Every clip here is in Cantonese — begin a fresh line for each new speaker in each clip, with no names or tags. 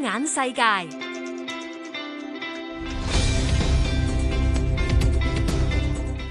眼世界，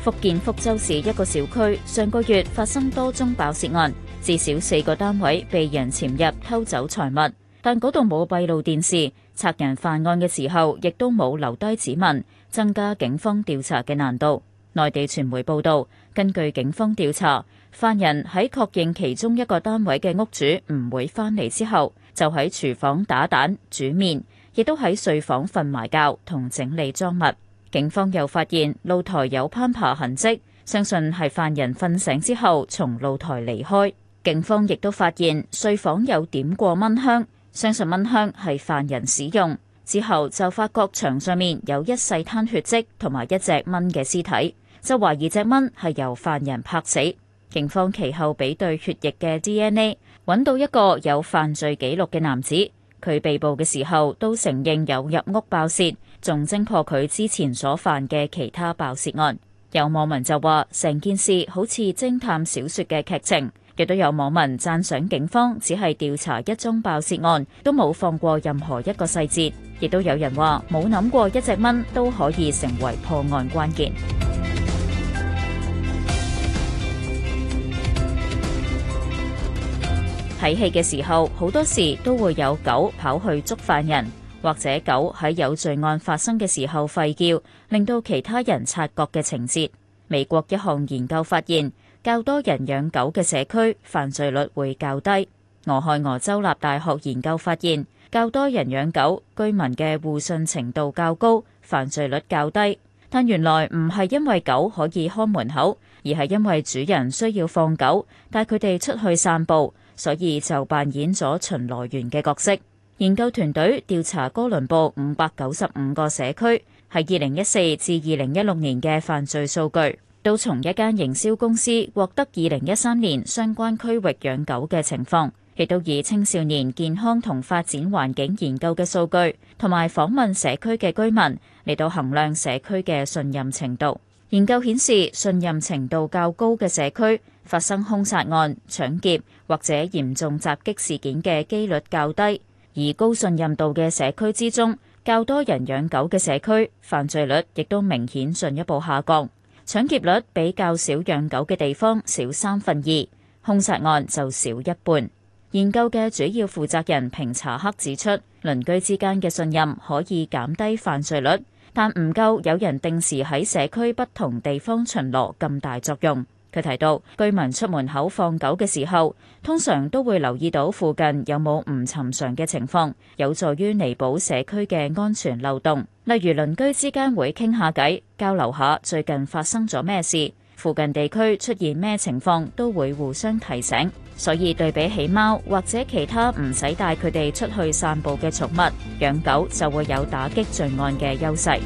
福建福州市一個小區上個月發生多宗爆竊案，至少四個單位被人潛入偷走財物，但嗰度冇閉路電視，賊人犯案嘅時候亦都冇留低指紋，增加警方調查嘅難度。內地傳媒報道，根據警方調查，犯人喺確認其中一個單位嘅屋主唔會返嚟之後，就喺廚房打蛋煮麵，亦都喺睡房瞓埋覺同整理裝物。警方又發現露台有攀爬痕跡，相信係犯人瞓醒之後從露台離開。警方亦都發現睡房有點過蚊香，相信蚊香係犯人使用。之後就發覺牆上面有一細灘血迹，同埋一隻蚊嘅屍體，就懷疑隻蚊係由犯人拍死。警方其後比對血液嘅 DNA，揾到一個有犯罪記錄嘅男子，佢被捕嘅時候都承認有入屋爆竊，仲偵破佢之前所犯嘅其他爆竊案。有網民就話，成件事好似偵探小說嘅劇情。亦都有網民贊賞警方只係調查一宗爆竊案，都冇放過任何一個細節。亦都有人話冇諗過一隻蚊都可以成為破案關鍵。睇戲嘅時候，好多時都會有狗跑去捉犯人，或者狗喺有罪案發生嘅時候吠叫，令到其他人察覺嘅情節。美國一項研究發現，較多人養狗嘅社區，犯罪率會較低。俄亥俄州立大學研究發現，較多人養狗，居民嘅互信程度較高，犯罪率較低。但原來唔係因為狗可以看門口，而係因為主人需要放狗，帶佢哋出去散步，所以就扮演咗巡邏員嘅角色。研究團隊調查哥倫布五百九十五個社區，係二零一四至二零一六年嘅犯罪數據。都從一間營銷公司獲得二零一三年相關區域養狗嘅情況，亦都以青少年健康同發展環境研究嘅數據同埋訪問社區嘅居民嚟到衡量社區嘅信任程度。研究顯示，信任程度較高嘅社區發生兇殺案、搶劫或者嚴重襲擊事件嘅幾率較低，而高信任度嘅社區之中，較多人養狗嘅社區犯罪率亦都明顯進一步下降。搶劫率比較少養狗嘅地方少三分二，兇殺案就少一半。研究嘅主要負責人平查克指出，鄰居之間嘅信任可以減低犯罪率，但唔夠有人定時喺社區不同地方巡邏咁大作用。佢提到，居民出門口放狗嘅時候，通常都會留意到附近有冇唔尋常嘅情況，有助於彌補社區嘅安全漏洞。例如鄰居之間會傾下偈、交流下最近發生咗咩事、附近地區出現咩情況都會互相提醒。所以對比起貓或者其他唔使帶佢哋出去散步嘅寵物，養狗就會有打擊罪案嘅優勢。